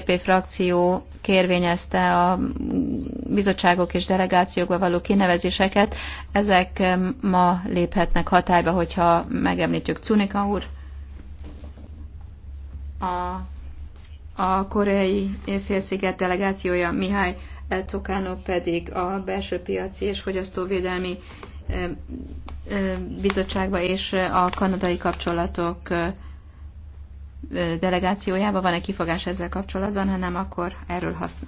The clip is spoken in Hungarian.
PP frakció kérvényezte a bizottságok és delegációkba való kinevezéseket. Ezek ma léphetnek hatályba, hogyha megemlítjük Cunika úr. A, a koreai félsziget delegációja Mihály Tokánó pedig a belső piaci és fogyasztóvédelmi bizottságba és a kanadai kapcsolatok delegációjában van-e kifogás ezzel kapcsolatban, hanem akkor erről használ.